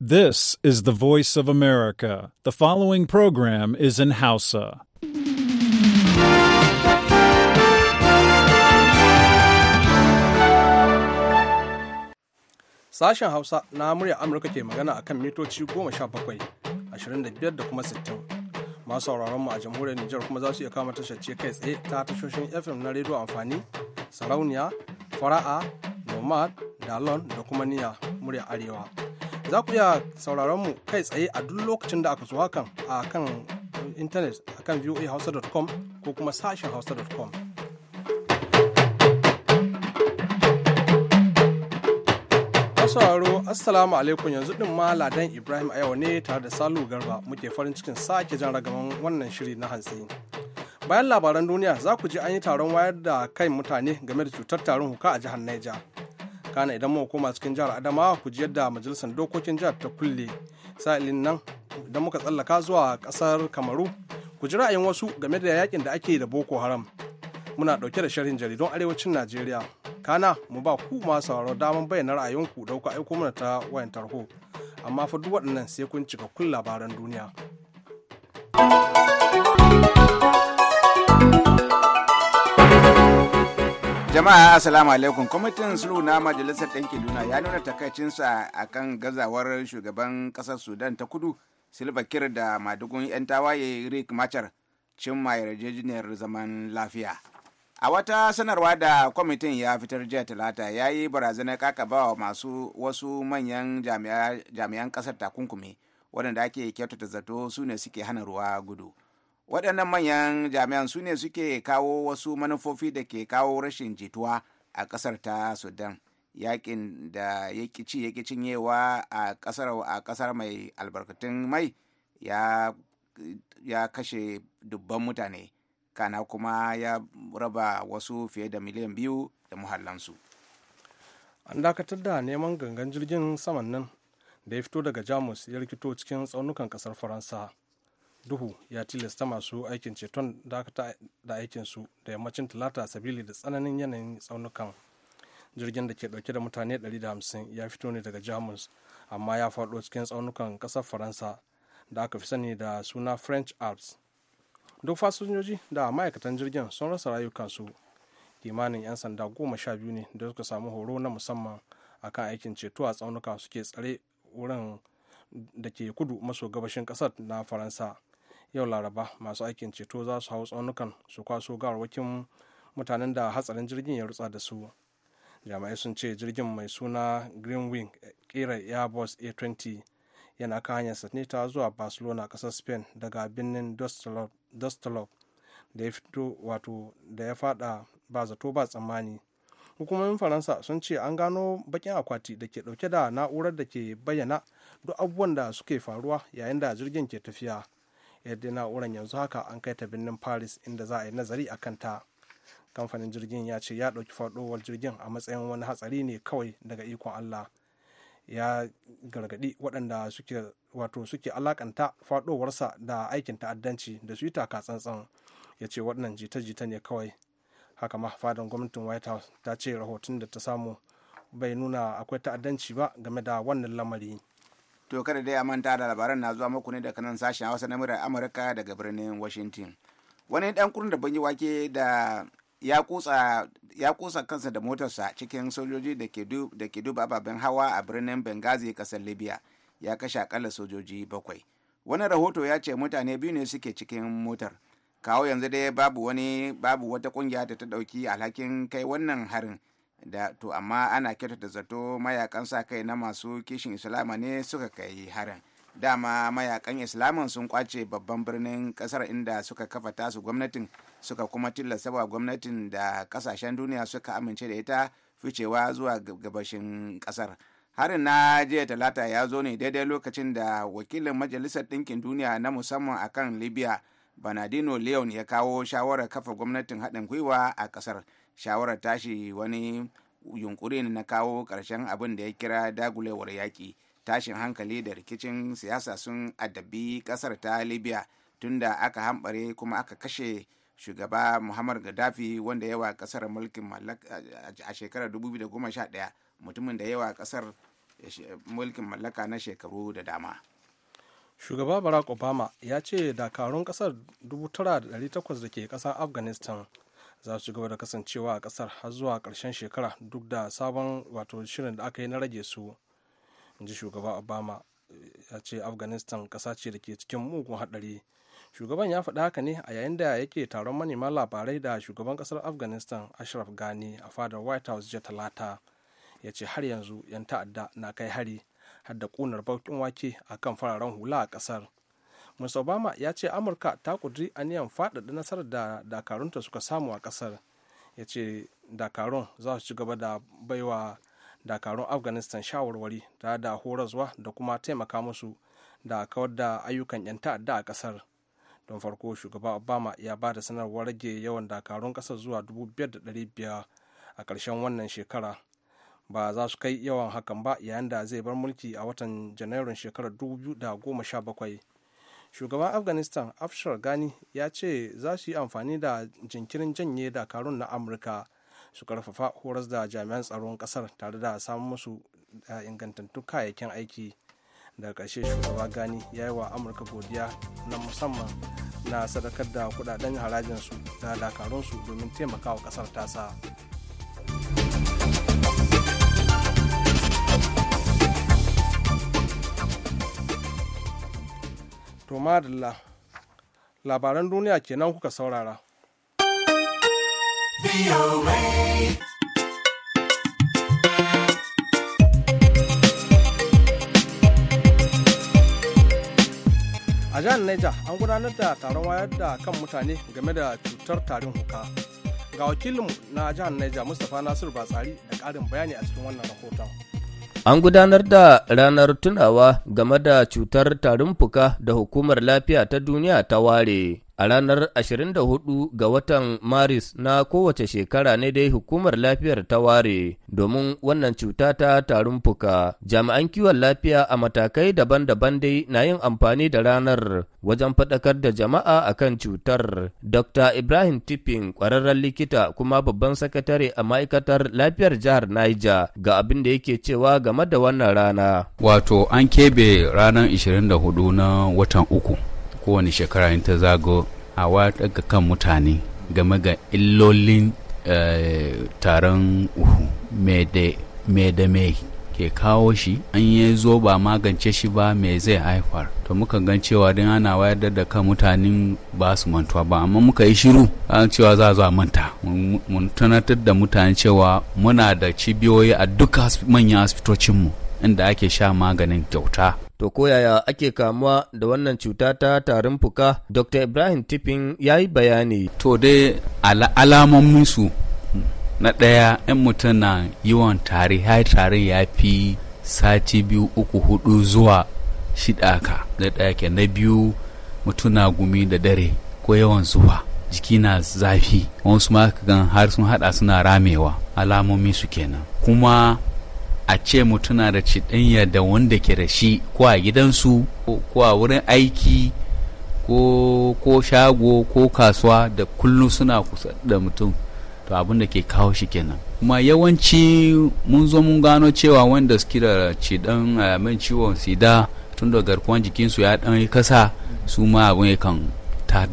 This is the voice of America. The following program is in Hausa. Sashen Hausa na murya Amurka ke magana a kan mitoci 17, 25 da kuma 60. Masu sauraron mu a jamhuriyar Nijar kuma za su iya kama tashar ce kai tsaye ta tashoshin FM na rediyo amfani, sarauniya, fara'a, nomad, dalon da kuma niya murya arewa. za ku iya sauraron mu kai tsaye a duk lokacin da aka so hakan a kan intanet a kan voahausa.com ko kuma sashen hausa.com sauraro assalamu alaikum yanzu din ma ladan ibrahim a yau ne tare da salu garba muke farin cikin sake jan ragaman wannan shiri na hantsi bayan labaran duniya za ku ji an yi taron wayar da kai mutane game da cutar tarin huka a jihar Niger. kana idan muka koma cikin jihar adamawa ku ji yadda majalisar dokokin jihar ta kulle sa'ilin nan idan muka tsallaka zuwa kasar kamaru ku ji ra'ayin wasu game da yakin da ake da boko haram muna dauke da sharhin jaridun arewacin najeriya kana mu ba ku ma sauraro daman bayyana ra'ayinku da kuka aiko mana ta wayan tarho amma fa duk waɗannan sai kun cika kun labaran duniya. jama'a assalamu alaikum kwamitin sulhu na majalisar ɗinkin duniya ya nuna takaicinsa a kan gazawar shugaban ƙasar sudan ta kudu silva kir da madugun 'yan tawaye rick machar cimma yarjejeniyar zaman lafiya a wata sanarwa da kwamitin ya fitar jiya talata ya yi barazanar kakabawa masu wasu manyan jami'an ƙasar takunkumi waɗanda ake kyautata zato su ne suke hana ruwa gudu waɗannan manyan jami'an su ne suke kawo wasu manufofi da ke kawo rashin jituwa a ƙasar ta sudan yakin da ya ya cinyewa a ƙasar a ƙasar mai albarkatun mai ya ya kashe dubban mutane kana kuma ya raba wasu fiye da miliyan biyu da muhallansu an dakatar da neman gangan jirgin saman nan da ya fito daga jamus ya rikito cikin tsaunukan kasar faransa duhu ya tilasta masu aikin ceton dakata da aikinsu da yammacin talata sabili da tsananin yanayin tsaunukan jirgin da ke dauke da mutane 150 ya fito ne daga jamus amma ya faɗo cikin tsaunukan ƙasar faransa da aka fi sani da suna french alps duk fasinjoji da ma'aikatan jirgin sun rasa rayukansu kimanin 'yan sanda goma sha biyu ne da suka samu horo na musamman akan aikin ceto a tsaunuka suke tsare wurin da ke kudu maso gabashin ƙasar na faransa yau laraba masu aikin ceto za su hau tsaunukan su kwaso gawarwakin mutanen da hatsarin jirgin ya rutsa da su jami'ai sun ce jirgin mai suna green wing kera airbus a20 yana kan hanyar ta zuwa barcelona kasar spain daga birnin dostalov da ya fito wato da ya fada ba zato ba tsammani hukumomin faransa sun ce an gano bakin akwati da ke dauke da na'urar da ke bayyana duk abubuwan da suke faruwa yayin da jirgin ke tafiya yadda na'urar yanzu haka an kai ta birnin paris inda za a yi nazari a kanta kamfanin jirgin ya ce ya ɗauki faɗowar jirgin a matsayin wani hatsari ne kawai daga ikon allah ya gargaɗi waɗanda suke wato suke alakanta faɗowarsa da aikin ta'addanci da su yi taka tsantsan ya ce waɗannan jita-jita ne kawai haka ma fadan gwamnatin white house ta ce rahoton da ta samu bai nuna akwai ta'addanci ba game da wannan lamari to kada dai a manta da labaran na zuwa muku ne daga nan sashen hausa na murar amurka daga birnin washington wani dan kurin da banyi wake da ya kusa kansa da motarsa cikin sojoji da ke duba ababen hawa a birnin benghazi kasar libya ya kashe akalla sojoji bakwai wani rahoto ya ce mutane biyu ne suke cikin motar kawo yanzu dai babu wani babu wata kungiya da ta ɗauki alhakin kai wannan harin da to amma ana kyautata zato mayakan sa kai na masu kishin islama ne suka kai harin dama mayakan islaman sun kwace babban birnin kasar inda suka kafa tasu gwamnatin suka kuma tilasta wa gwamnatin da kasashen duniya suka amince da ita ficewa zuwa gabashin kasar harin na jiya talata ya zo ne daidai lokacin da wakilin majalisar ɗinkin duniya na musamman akan libya Banadino Leon ya kawo shawarar kafa gwamnatin haɗin gwiwa a ƙasar. Shawarar tashi wani yunkuri na kawo ƙarshen abin da ya kira dagulewar yaƙi. Tashin hankali da rikicin siyasa sun addabi ƙasar ta Libya tunda aka hambare kuma aka kashe shugaba Muhammad Gaddafi wanda yawa ƙasar mulkin a shekarar 2011 mutumin da yawa ƙasar mulkin mallaka na shekaru da dama. shugaba barack obama ya ce dakarun kasar 9,800 da ke kasar afghanistan za su gaba da kasancewa a kasar har zuwa karshen shekara duk da sabon wato shirin da aka yi na rage su in ji shugaba obama ya ce afghanistan kasa ce da ke cikin mugun hadari shugaban ya faɗi haka ne a yayin da yake taron manema labarai da shugaban kasar afghanistan ashraf ghani a fadar white house jiya talata ya ce har yanzu 'yan ta'adda na kai hari hadda da ƙunar bakin wake a kan fararen hula a ƙasar mr obama ya ce amurka ta a aniyan faɗaɗa nasarar da dakarunta suka samu a ƙasar ya ce dakarun za su ci gaba da baiwa dakarun afghanistan shawarwari tare da horaswa da kuma taimaka musu da kawar da ayyukan 'yan ta'adda a ƙasar don farko shugaba obama ya ba da sanarwar rage yawan dakarun ƙasar zuwa 2,500 a ƙarshen wannan shekara ba za su kai yawan hakan ba yayin da zai bar mulki a watan janairun shekarar 2017 shugaban afghanistan afshar gani ya ce za su yi amfani da jinkirin janye dakarun na amurka su karfafa horas da jami'an tsaron kasar tare da samun musu ingantattun kayayyakin aiki daga ƙarshe shugaba gani ya yi wa amurka godiya na musamman na sadakar da kudaden harajinsu da dakarunsu domin taimakawa ƙasar tasa To labaran duniya kenan kuka saurara. A jihar Niger an gudanar da taron wayar da kan mutane game da cutar tarin huka. Ga wakilinmu na jihar Niger Mustapha Nasiru Batsari da ƙarin bayani a cikin wannan rahoton. An gudanar da ranar tunawa game da cutar tarin fuka da hukumar lafiya ta duniya ta ware. A ranar 24 ga watan Maris na kowace shekara ne dai hukumar lafiyar ta ware domin wannan cuta ta tarun fuka. Jami'an kiwon lafiya a matakai daban-daban dai na yin amfani da ranar wajen faɗakar da jama'a akan cutar. Dr. Ibrahim Tipping ƙwararren likita kuma babban sakatare a ma'aikatar lafiyar jihar Niger ga abin da yake cewa game da wannan rana. Wato an kebe ranar 24 na watan uku. kowane shekara ta zago a wata ga kan mutane game ga illolin eh, taron uhu me da me ke kawo shi an yi zo ba magance shi ba me zai haifar to muka gan cewa don ana wayar da kan mutanen ba su mantuwa ba amma muka yi shiru an cewa za zo a manta mun tunatar da mutane cewa muna da cibiyoyi a duka manyan asibitocinmu inda ake sha maganin kyauta To ko yaya ake kamuwa da wannan cuta ta tarin fuka? Dr. Ibrahim Tipping ya yi bayani. To dai alamomin su na ɗaya 'yan mutum na yawan tari, hai tarin ya fi sati biyu uku hudu zuwa shida ka na ɗaya ke na biyu mutum na gumi da dare ko yawan zuwa jiki na zafi wasu ma har sun hada suna ramewa alamomi su kenan kuma a ce mutuna da ciɗanya da wanda ke da shi ko a gidansu ko a wurin aiki ko ko shago ko kasuwa da kullum suna kusa da mutum to abin da ke kawo shi kenan kuma yawanci mun zo mun gano cewa wanda suke da cidan min eh, ciwon sida tun da garkuwan jikinsu ya ɗan kasa su ma abin yakan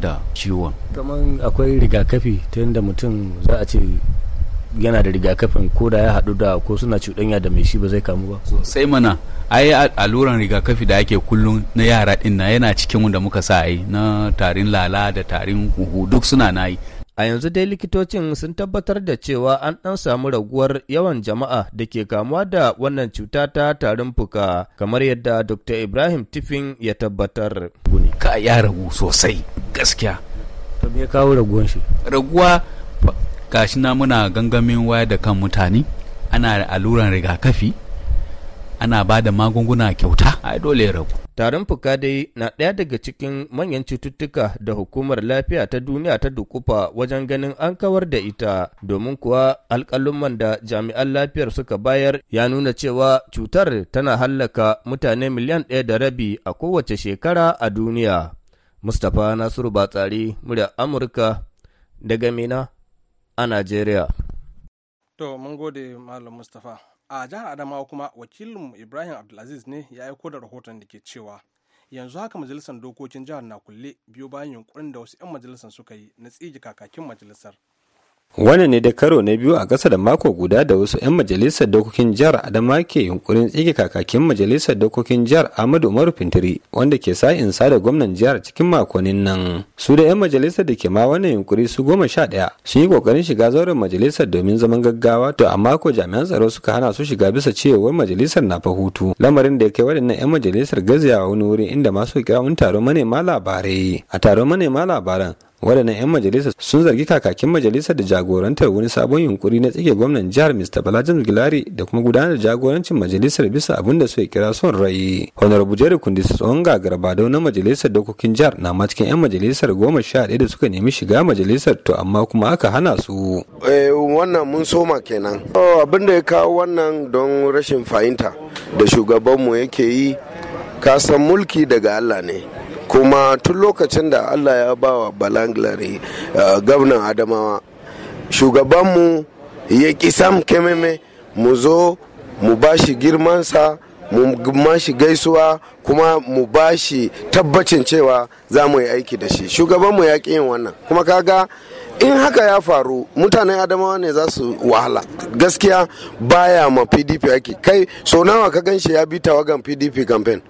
da ciwon kaman akwai rigakafi ta yadda mutum za a ce yana da rigakafin ko da ya haɗu da ko suna cuɗanya da mai shi ba zai kamu ba sai mana ai alluran rigakafi da ake kullum na yara din na yana cikin wanda muka sa yi na tarin lala da tarin huhu duk suna na yi a yanzu dai likitocin sun tabbatar da cewa an ɗan samu raguwar yawan jama'a da ke kamuwa da wannan cuta ta tarin fuka kamar yadda dr ibrahim tifin ya tabbatar ka ya ragu sosai gaskiya to me kawo raguwan shi raguwa gashi na muna gangamin wayar da kan mutane ana alluran rigakafi ana ba da magunguna kyauta a dole ya ragu tarin fuka dai na ɗaya daga cikin manyan cututtuka da hukumar lafiya ta duniya ta dukufa wajen ganin an kawar da ita domin kuwa alƙalumman da jami'an lafiyar suka bayar ya nuna cewa cutar tana hallaka mutane miliyan ɗaya da rabi a kowace shekara a duniya mustapha nasiru batsari murya amurka daga mina a Najeriya. To, mun gode Malam Mustapha. A jihar Adamawa kuma wakilinmu Ibrahim Abdulaziz ne ya aiko da rahoton da ke cewa yanzu haka majalisar dokokin jihar na kulle biyu bayan yunkurin da wasu 'yan majalisar suka yi na tsige kakakin majalisar. wannan ne da karo na biyu a ƙasa da mako guda da wasu 'yan majalisar dokokin jihar adama ke yunkurin tsige kakakin majalisar dokokin jihar ahmadu umaru fintiri wanda ke sa insa da gwamnan jihar cikin makonnin nan su da 'yan majalisar da ke ma wannan yunkuri su goma sha ɗaya sun yi ƙoƙarin shiga zauren majalisar domin zaman gaggawa to a mako jami'an tsaro suka hana su shiga bisa cewar majalisar na fa hutu lamarin da ya kai waɗannan 'yan majalisar gazawa wani wuri inda masu kira wani taron manema labarai a taron manema labaran waɗannan 'yan majalisar sun zargi kakakin majalisar da jagorantar wani sabon yunkuri na tsige gwamnan jihar mr balajan gilari da kuma gudanar da jagorancin majalisar bisa abin da suka kira son rai honorable kundi su tsohon gagarba dau na majalisar dokokin jihar na ma cikin 'yan majalisar goma sha daya da suka nemi shiga majalisar to amma kuma aka hana su. Eh, wannan mun soma kenan abin da ya kawo wannan don rashin fahimta da shugabanmu yake yi kasan mulki daga allah ne kuma tun lokacin da allah ya ba wa balanglari uh, gwamnan adamawa shugabanmu ya sam kememe mu zo mu ba shi girmansa mu ma shi gaisuwa kuma mu ba shi tabbacin cewa za mu yi aiki da shi shugabanmu ya ƙi yin wannan kuma kaga in haka ya faru mutanen adamawa ne za su wahala gaskiya baya ma pdp aiki. kai sau nawa ka ganshi ya bi tawagan pdp campaign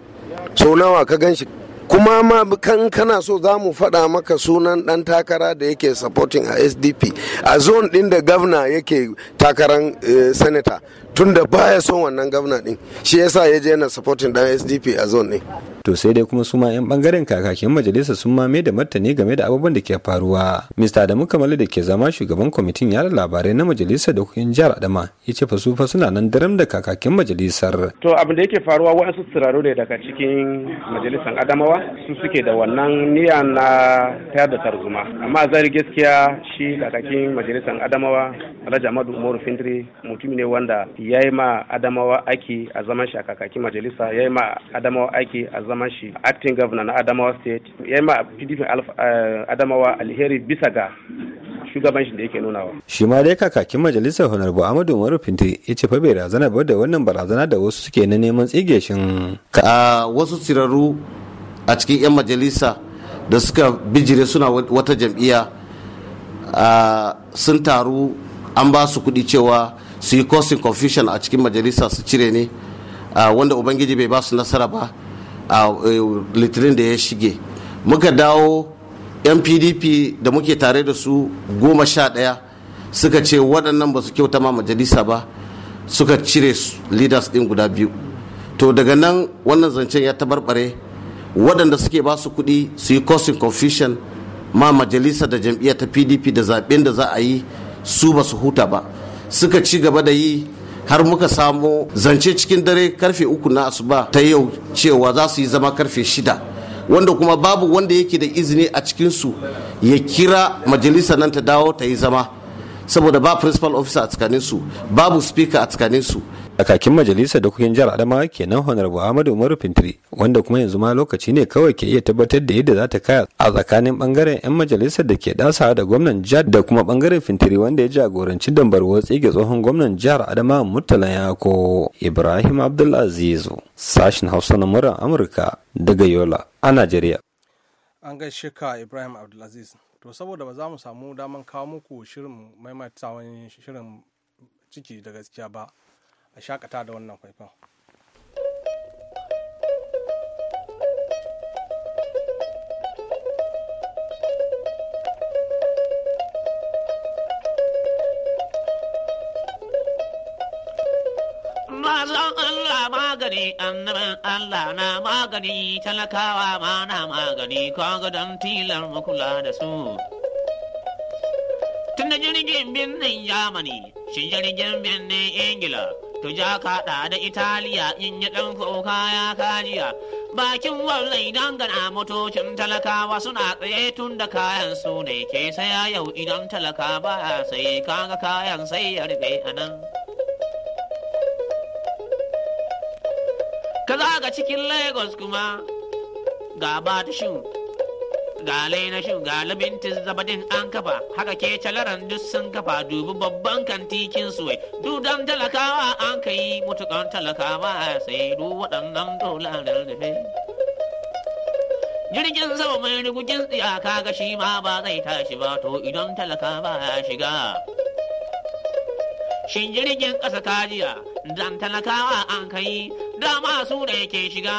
sau nawa ka ganshi kuma ma kan kana so za mu faɗa maka sunan ɗan takara da yake supporting a sdp a zone ɗin da gavna yake takarar eh, senator tun da baya son wannan gavna ɗin shi yasa ya je yana supporting ɗan sdp a zone ɗin to sai dai kuma su 'yan bangaren kakakin majalisa sun ma mai da martani game da abubuwan da ke faruwa mista da kamalu da ke zama shugaban kwamitin yada labarai na majalisa da kuɗin jihar adama ya ce fa fa suna nan daram da kakakin majalisar to abin da yake faruwa wasu tsiraro ne daga cikin majalisar adamawa arewa su suke da wannan niyya na tayar da tarzuma amma zari gaskiya shi kakakin majalisar adamawa alhaji amadu umaru fintiri mutum ne wanda ya yi ma adamawa aiki a zaman shi a kakakin majalisa ya yi ma adamawa aiki a zaman shi acting governor na adamawa state ya yi ma pdp eh, adamawa alheri bisa ga shugaban shi da yake nunawa. Shi ma dai kakakin majalisar Honorable amadu Umaru Fintiri ya ce fa bai razana ba da wannan barazana da wasu suke na neman tsige shin. Ka wasu tsirarru a cikin 'yan majalisa da suka bijire suna wata jam'iyya sun taru an ba su kuɗi cewa su yi causing confusion a cikin majalisa su cire ne wanda ubangiji bai ba su nasara ba a e, litinin da ya shige muka dawo yan pdp da muke tare da su goma sha ɗaya suka ce waɗannan ba su kyauta ma majalisa ba suka cire leaders ɗin guda biyu to daga nan wannan zancen ya tabarbare waɗanda suke ba su kuɗi su yi causing confusion ma majalisa da jam'iyya ta pdp da zaɓen da za a yi su ba su huta ba suka ci gaba da yi har muka samu zance cikin dare karfe uku na asuba ta yau cewa za su yi zama karfe shida wanda kuma babu wanda yake da izini a cikinsu ya kira majalisa nan ta dawo ta yi zama saboda ba principal officer a tsakaninsu babu speaker a tsakaninsu kakakin majalisar dokokin jihar adamawa kenan honorable ahmadu umaru fintiri wanda kuma yanzu ma lokaci ne kawai ke iya tabbatar da yadda za ta kaya a tsakanin bangaren yan majalisar da ke dasa da gwamnan jihar da kuma bangaren fintiri wanda ya jagoranci watsi ga tsohon gwamnan jihar adamawa murtala yako ibrahim abdulaziz sashen hausa na murar amurka daga yola a najeriya an gaishe ka ibrahim abdulaziz to saboda ba za mu samu damar kawo muku shirin maimaitawan shirin ciki da gaskiya ba a shakata da wannan faifan Allah magani Annaban Allah na magani talakawa ma na magani kaga don tilar makula da su. Tun da jirgin birnin Yamani, shi jirgin birnin Ingila, to ja kaɗa da italiya in yi ɗan kuka ya kajiya bakin wallai gana motocin talakawa suna tsaye tun da kayan su ne ke saya yau idan talaka ba sai kaga kayan sai ya rufe a nan ka zaga cikin lagos kuma ga ba ta galai na shin galibin labintin zabadin an kafa haka ke calaran duk sun kafa dubi babban kin kantikin suwai dudan talakawa an kai yi mutukan talakawa sai du waɗannan dolarar da jirgin sama mai rigugin tsiyaka ga shi ma ba zai tashi ba to idan talakawa ya shiga shin jirgin ƙasa kajiya dan talakawa an kai dama su da yake shiga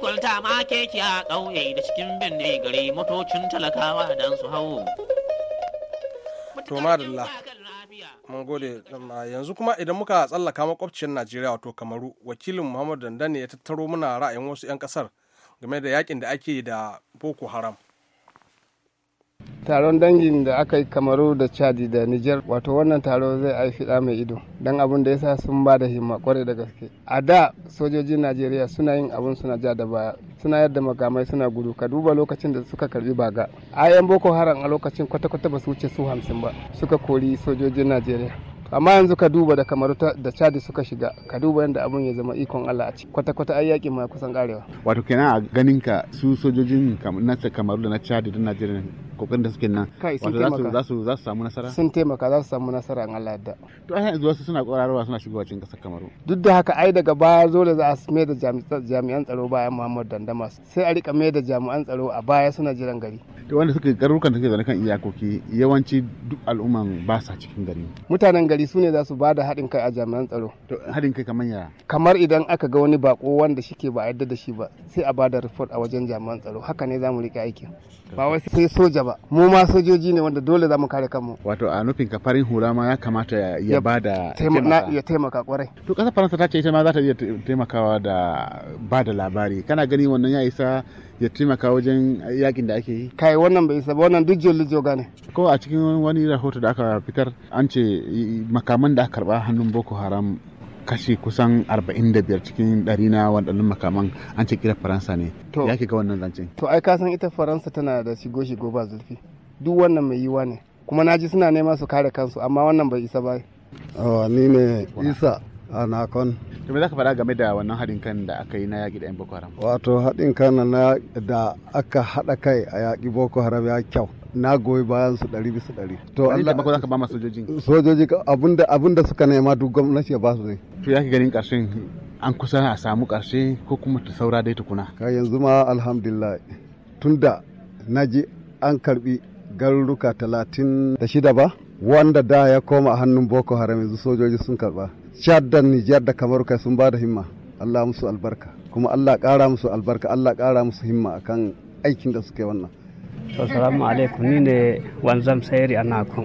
kwalta ma keke a ƙauye da cikin binne gari motocin talakawa don su hau to madalla mun gode yanzu kuma idan muka tsallaka makwabciyar najeriya wato kamaru wakilin muhammadu dandane ya tattaro muna ra'ayin wasu 'yan kasar game da yakin da ake da boko haram taron dangin da aka yi kamaru da chadi da niger wato wannan taro zai aifi da mai ido don abun da ya sa sun ba da himma kwarai da gaske a da sojojin najeriya suna yin abun suna ja da baya suna yadda makamai suna gudu ka duba lokacin da suka karbi baga ayan boko haram a lokacin kwata-kwata ba su wuce su hamsin ba suka kori sojojin najeriya amma yanzu ka duba da kamar da chadi suka shiga ka duba yadda abun ya zama ikon Allah a ciki kwata kwata ai yakin ma kusan karewa wato kenan a ganin ka su sojojin na kamaru da na chadi da Najeriya kokarin da suke nan wato za su za su samu nasara sun taimaka za su samu nasara an Allah yadda to ai yanzu wasu suna kwararwa suna shigowa cikin kasar Kamaru duk da haka ai daga baya zo da za a mai da jami'an tsaro bayan Muhammad Dandama sai a rika mai da jami'an tsaro a baya suna jiran gari to wanda suke garurukan suke zaune kan iyakoki yawanci duk al'umman ba sa cikin gari mutanen gari su ne za su ba da haɗin kai a jami'an tsaro to haɗin kai kamar ya kamar idan aka ga wani bako wanda shike ba a yarda da shi ba sai a ba da report a wajen jami'an tsaro haka ne za mu rika aikin ba wai sai soja ba mu ma sojoji ne wanda dole za mu kare kanmu wato a nufin ka farin hula ma ya kamata ya ba da ya taimaka kwarai to kasar faransa ta ce ita ma za ta iya taimakawa da ba da labari kana gani wannan ya isa ya taimaka wajen yakin da ake yi kai wannan bai isa ba wannan duk jolli joga ne ko a cikin wani rahoto da aka fitar an ce makaman da aka karba hannun boko haram kashi kusan 45 cikin ɗari na waɗannan makaman an ce kira faransa ne ya ga wannan zancen to ai ka san ita faransa tana da shigo shigo ba zurfi duk wannan mai yiwa ne kuma na ji suna nema su kare kansu amma wannan bai isa ba ni ne isa anakon to me zaka faɗa game da wannan haɗin kan da aka yi na yaƙi da 'yan boko haram wato haɗin kan na da aka haɗa kai a yaƙi boko haram ya kyau na goyi bayan su ɗari bisa ɗari. To Allah ba za ka ba ma sojoji. Sojoji abinda abinda suka nema duk gwamnati ya ba su ne. To ya ki ganin ƙarshen an kusa a samu ƙarshe ko kuma ta saura dai tukuna. Ka yanzu ma alhamdulillah tunda na ji an karbi garuruka talatin da shida ba wanda da ya koma a hannun Boko Haram yanzu sojoji sun karba. Chad da Nijar da Kamaru kai sun ba da himma. Allah musu albarka kuma Allah ƙara musu albarka Allah ƙara musu himma akan aikin da suke wannan. assalamu alaikum ni ne wanzam sayari a nakon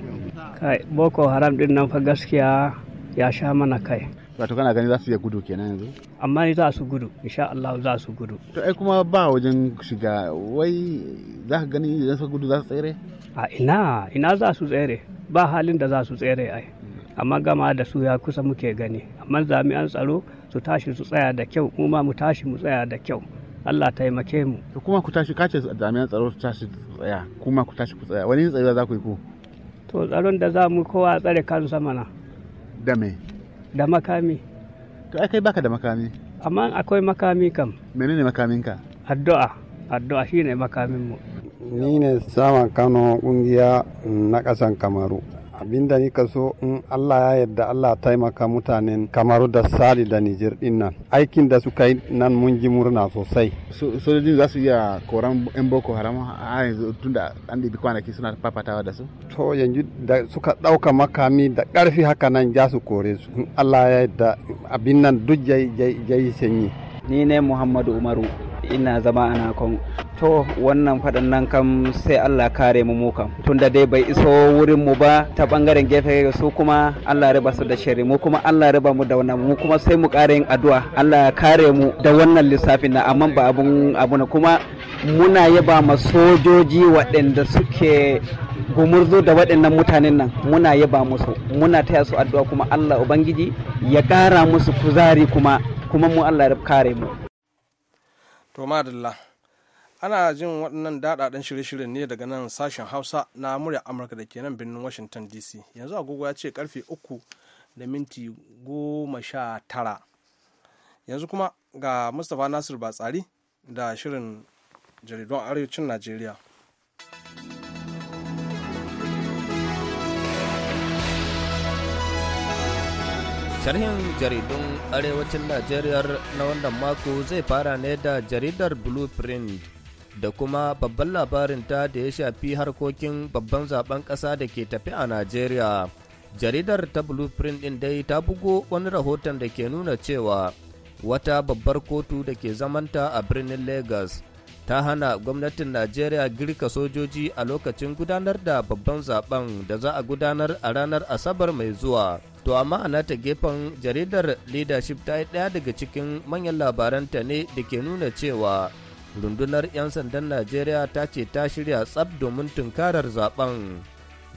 kai boko haram din nan fa gaskiya ya sha mana kai wato kana gani za su iya gudu kenan yanzu amma ni za su gudu insha Allah za su gudu to ai kuma ba wajen shiga wai za ka gani idan su gudu za su tsere a ina ina za su tsere ba halin da za su tsere ai amma gama da su ya kusa muke gani amma jami'an tsaro su tashi su tsaya da kyau mu ma mu tashi mu tsaya da kyau Allah taimake mu kuma ku tashi kace jami'an tsaro su tashi tsaya kuma ku tashi ku tsaya wani tsayuwa za ku yi ku to tsaron da za mu kowa tsare sama na. da me da makami to ai kai baka da makami amma akwai makami kam menene makaminka addu'a addu'a shine makamin mu ni ne saman kano kungiya na kasan kamaru abinda ni ka so in Allah ya yadda Allah taimaka mutanen Kamaru da Sali da nijar din nan aikin da suka yi nan mun ji murna sosai sojojin za su iya koran yan boko haram a yanzu da an ɗibi kwanaki suna fafatawa da su to yanzu da suka ɗauka makami da karfi haka nan za su kore su in Allah ya yadda abin nan duk yayi sanyi ni ne Muhammadu Umaru ina zama ana kan to wannan faɗin nan kam sai Allah kare mu kam tunda dai bai iso wurin mu ba ta bangaren gefe su kuma Allah riba su da shari mu kuma Allah riba mu da wannan mu kuma sai mu ƙara yin addu'a Allah ya kare mu da wannan lissafin na amma ba abun abu na kuma muna yaba ma sojoji waɗanda suke gumurzo da waɗannan mutanen nan muna yaba musu muna taya su addu'a kuma Allah ubangiji ya ƙara musu kuzari kuma kuma mu Allah ya kare mu to madalla ana jin waɗannan daɗaɗen shirye-shiryen ne daga nan sashen hausa na murya amurka da ke nan birnin washington dc yanzu agogo ya ce karfe uku da minti goma sha tara yanzu kuma ga mustapha nasir batsari da shirin jaridun arewacin najeriya Sharhin jaridun arewacin Najeriya na wannan mako zai fara ne da jaridar Blueprint da kuma babban labarin ta da ya shafi harkokin babban zaben ƙasa da ke tafi a Najeriya. Jaridar ta Blueprint ɗin dai ta bugo wani rahoton da ke nuna cewa wata babbar kotu da ke zamanta a birnin Lagos ta hana gwamnatin Najeriya girka sojoji a lokacin gudanar da babban zaben da za a gudanar a ranar Asabar mai zuwa. To amma a nata gefen jaridar leadership ta yi ɗaya daga cikin manyan labaranta ne da ke nuna cewa rundunar 'yan sandan Najeriya ta ce ta shirya tsab domin tunkarar zaben.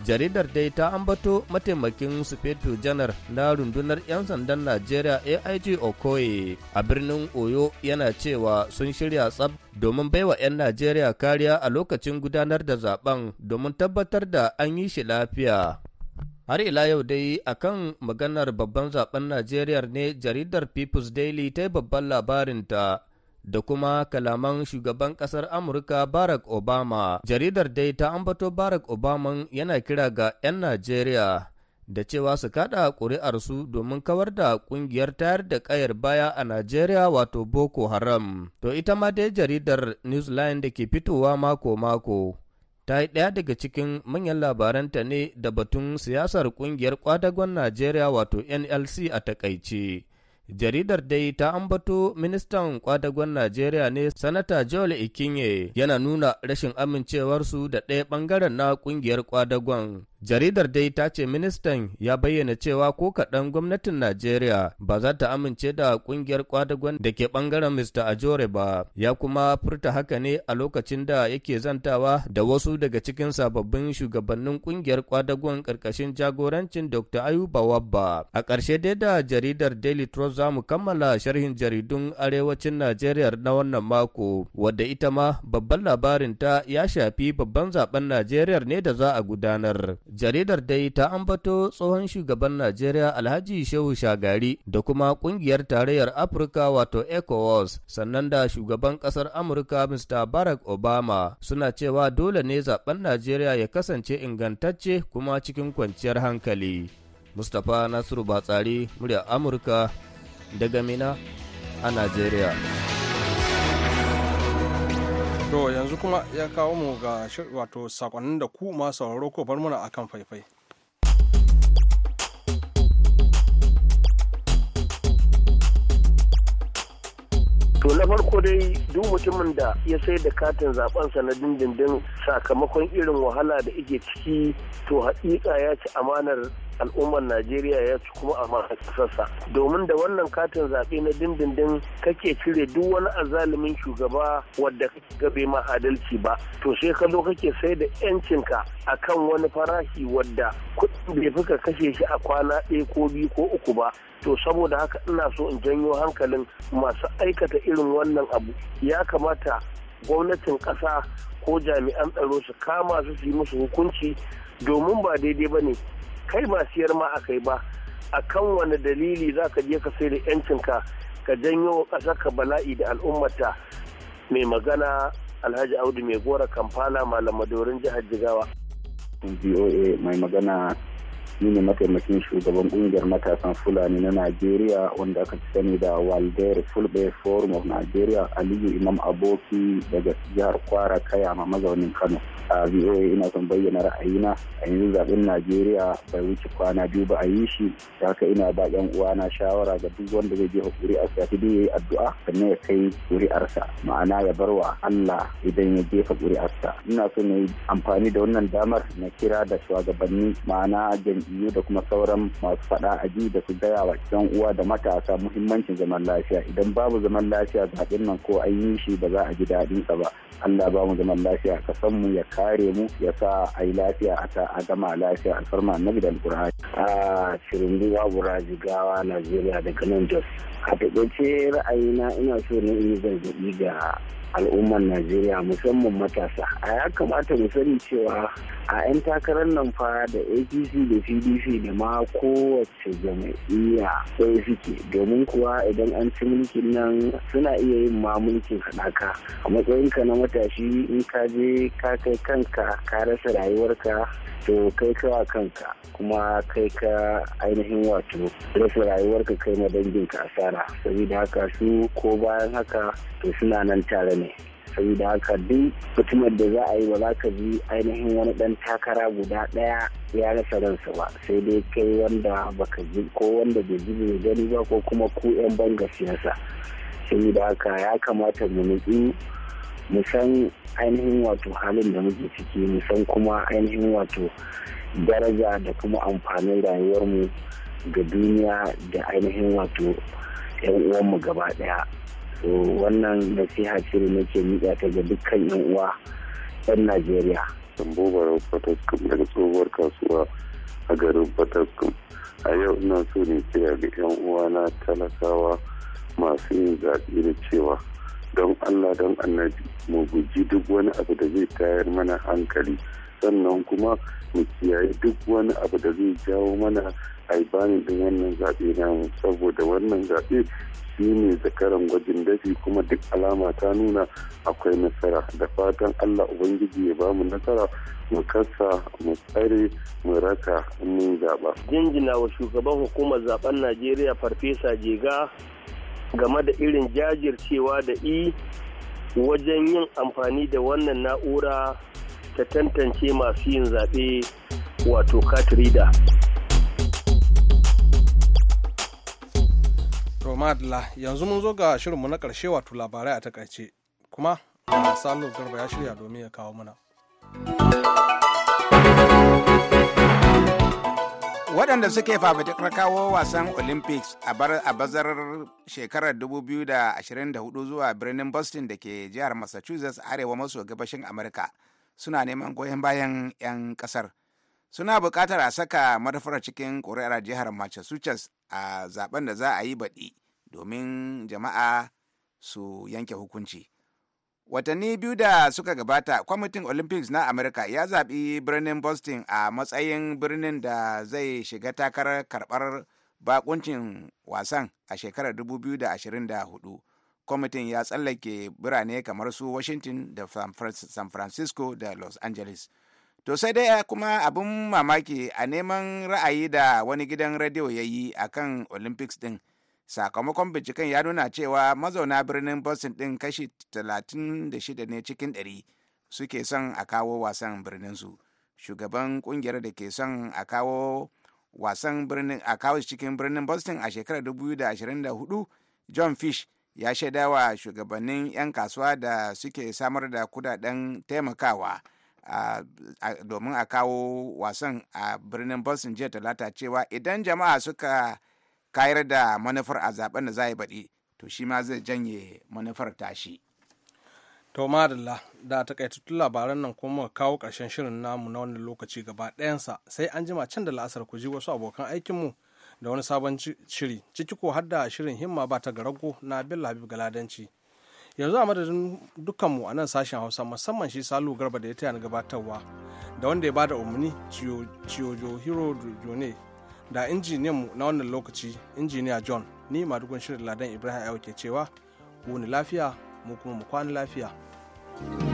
Jaridar dai ta ambato mataimakin sufeto janar na rundunar 'yan sandan Najeriya AIG Okoye a birnin Oyo yana cewa sun shirya tsab domin baiwa 'yan Najeriya kariya a lokacin gudanar da zaben domin tabbatar da an yi shi lafiya. Har ila yau dai a kan maganar babban zaben Najeriya ne jaridar People's Daily ta babban labarinta da kuma kalaman shugaban Kasar Amurka Barack Obama. Jaridar dai ta ambato Barack Obama yana kira ga 'yan Najeriya da cewa su kaɗa ƙuri'arsu domin kawar da ƙungiyar tayar da ƙayar baya a Najeriya wato Boko Haram. To ita ma dai jaridar Newsline da ke fitowa mako-mako. ta yi ɗaya daga cikin manyan labaranta ne da batun siyasar ƙungiyar kwadagon Najeriya wato NLC a takaice. Jaridar dai ta ambato ministan kwadagon Najeriya ne Sanata Joel Ikinye yana nuna rashin amincewarsu da ɗaya ɓangaren na ƙungiyar kwadagon. Jaridar dai ta ce ministan ya bayyana cewa ko kaɗan gwamnatin Najeriya ba za ta amince da ƙungiyar kwadagon da ke ɓangaren Mr. Ajore ba, ya kuma furta haka ne a lokacin da yake zantawa da wasu daga cikin sababbin shugabannin ƙungiyar kwadagon ƙarƙashin jagorancin Dr. Ayuba Wabba. A ƙarshe dai da jaridar Daily Trust za mu kammala sharhin jaridun arewacin Najeriya na wannan mako, wadda ita ma babban labarinta ya shafi babban zaben Najeriya ne da za a gudanar. Jaridar dai ta ambato tsohon shugaban Najeriya Alhaji Shehu Shagari da kuma kungiyar tarayyar Afirka wato ECOWAS sannan da shugaban kasar Amurka Mr. Barack Obama suna cewa dole ne zaben Najeriya ya kasance ingantacce kuma cikin kwanciyar hankali. Mustapha Nasiru Batsari, murya Amurka daga Mina a Najeriya. To yanzu kuma ya kawo mu ga wato sakonnin da ku masu sauraro ko bar muna akan faifai. to na farko dai duk mutumin da ya sai da katin zabensa na dindindin sakamakon irin wahala da ike ciki to haƙiƙa ya ci amanar al'ummar najeriya ya ci kuma a kasarsa domin da wannan katin zaɓe na dindindin kake cire duk wani azalimin shugaba wadda kake gabe ma adalci ba to sai ka zo kake sai da yancinka kan wani farashi wadda kuɗin bai fi ka kashe shi a kwana ɗaya ko biyu ko uku ba to saboda haka ina so in janyo hankalin masu aikata irin wannan abu ya kamata gwamnatin ƙasa ko jami'an tsaro su kama su yi musu hukunci domin ba daidai ba ne kai ba siyar ma kai ba a kan wani dalili za ka je ka sai da yancinka ka janyo ka bala'i da al'ummata mai magana alhaji audu mai gora kamfana malam madorin jihar jigawa voa mai magana ni ne mataimakin shugaban kungiyar matasan fulani na najeriya wanda aka fi sani da Walder fulbe forum of nigeria aliyu imam aboki daga jihar kwara kaya ma mazaunin kano a voa ina son bayyana ra'ayina a yanzu zaben najeriya bai wuce kwana biyu ba a yi shi da haka ina ba yan uwana shawara ga duk wanda zai jefa kuri'a sa ta yi addu'a sannan ya kai kuri'arsa ma'ana ya bar wa allah idan ya jefa kuri'arsa ina son na yi amfani da wannan damar na kira da shugabanni ma'ana biyu da kuma sauran masu faɗa a da su gaya wa ɗan uwa da matasa muhimmancin zaman lafiya idan babu zaman lafiya zaɓin nan ko an yi shi ba za a ji daɗin sa ba Allah ba mu zaman lafiya ka san mu ya kare mu ya sa a yi lafiya a ta a gama lafiya a farma na da alƙur'ani a shirin bura jigawa Najeriya daga nan Jos a ra'ayi na ina so ne in yi zazzaɓi ga al'ummar Najeriya musamman matasa a ya kamata mu sani cewa a 'yan takarar nan fa da apc da pdp da ma kowace jam'iyya sai suke domin kuwa idan an ci mulkin nan suna iya yin ma mulkin haɗaka a matsayinka na matashi in ka je ka kai kanka ka rasa rayuwarka to kai kawa kanka kuma kai ka ainihin wato rasa rayuwarka kai ma ka asara saboda haka su ko bayan haka to suna nan tare ne saboda haka duk mutumin da za a yi ba za ka ji ainihin wani dan takara guda daya ya rasa ransa ba sai dai kai wanda baka ji ko wanda bai ji bai gani ba ko kuma ku yan banga siyasa da haka ya kamata mu nutsu mu san ainihin wato halin da muke ciki mu san kuma ainihin wato daraja da kuma amfanin rayuwarmu ga duniya da ainihin wato 'yan uwanmu gaba daya to wannan nasiha ce da nake miƙa ta ga dukkan yan uwa yan najeriya sambo barau fataskum daga tsohuwar kasuwa a garin fataskum a yau ina so ne kira ga yan na talakawa masu yin zaɓi da cewa don allah don annabi mu guji duk wani abu da zai tayar mana hankali sannan kuma mu kiyaye duk wani abu da zai jawo mana a yi bani din wannan zaɓe namu saboda wannan zaɓe shi ne zakaran gwajin dafi kuma duk alama ta nuna akwai nasara da fatan allah ubangiji ya bamu nasara mu kasa mu tsare mu raka mun zaɓa. jinjina wa shugaban hukumar zaben najeriya farfesa jega game da irin jajircewa da i wajen yin amfani da wannan na'ura ta tantance masu yin zaɓe wato katrida. To madalla yanzu mun zo ga shirinmu na karshe wato labarai a takaice kuma Salo Garba ya shirya domin ya kawo muna. waɗanda suke fafutukar kawo wasan olympics a bazar shekarar 2024 zuwa birnin boston da ke jihar massachusetts arewa maso gabashin amurka suna neman goyon bayan 'yan ƙasar suna buƙatar a saka madafar cikin ƙuri'ar jihar massachusetts a zaben da za a yi baɗi domin jama'a su yanke hukunci. Watanni biyu da suka gabata, kwamitin Olympics na Amurka ya zaɓi birnin Boston a matsayin birnin da zai shiga takarar karɓar bakuncin wasan a shekarar 2024. Kwamitin ya tsallake birane kamar su Washington da San Francisco da Los Angeles. To sai dai eh, kuma abin mamaki a neman ra'ayi da wani gidan rediyo ya yi a kan Olympics ɗin. Sakamakon binciken ya nuna cewa mazauna birnin Boston ɗin kashi 36 ne cikin 100 suke son a kawo wasan birninsu. Shugaban ƙungiyar da ke son a kawo wasan birnin a kawo cikin birnin Boston a shekarar 2024 John Fish ya shaidawa shugabannin 'yan kasuwa da suke samar da kudaden taimakawa. domin a kawo wasan a birnin boston jiya talata cewa idan jama'a suka kayar da manufar a zaben da za yi baɗi to shi ma zai janye manufar tashi to madalla da takaitattun labaran nan kuma kawo ƙarshen shirin namu na wannan lokaci gaba ɗayansa sai an jima can da la'asar ku ji wasu abokan aikinmu da wani sabon shiri ciki ko har shirin himma ba ta garago na bello habib galadanci yanzu a madadin dukkanmu a nan sashen hausa musamman shi salu garba da ya taya na gabatarwa da wanda ya ba da umarni ciyojo hiro jone da injiniyanmu na wannan lokaci injiniya john ni madugun shirin ladan ibrahim ayo ke cewa ni lafiya mu kuma mu kwana lafiya thank you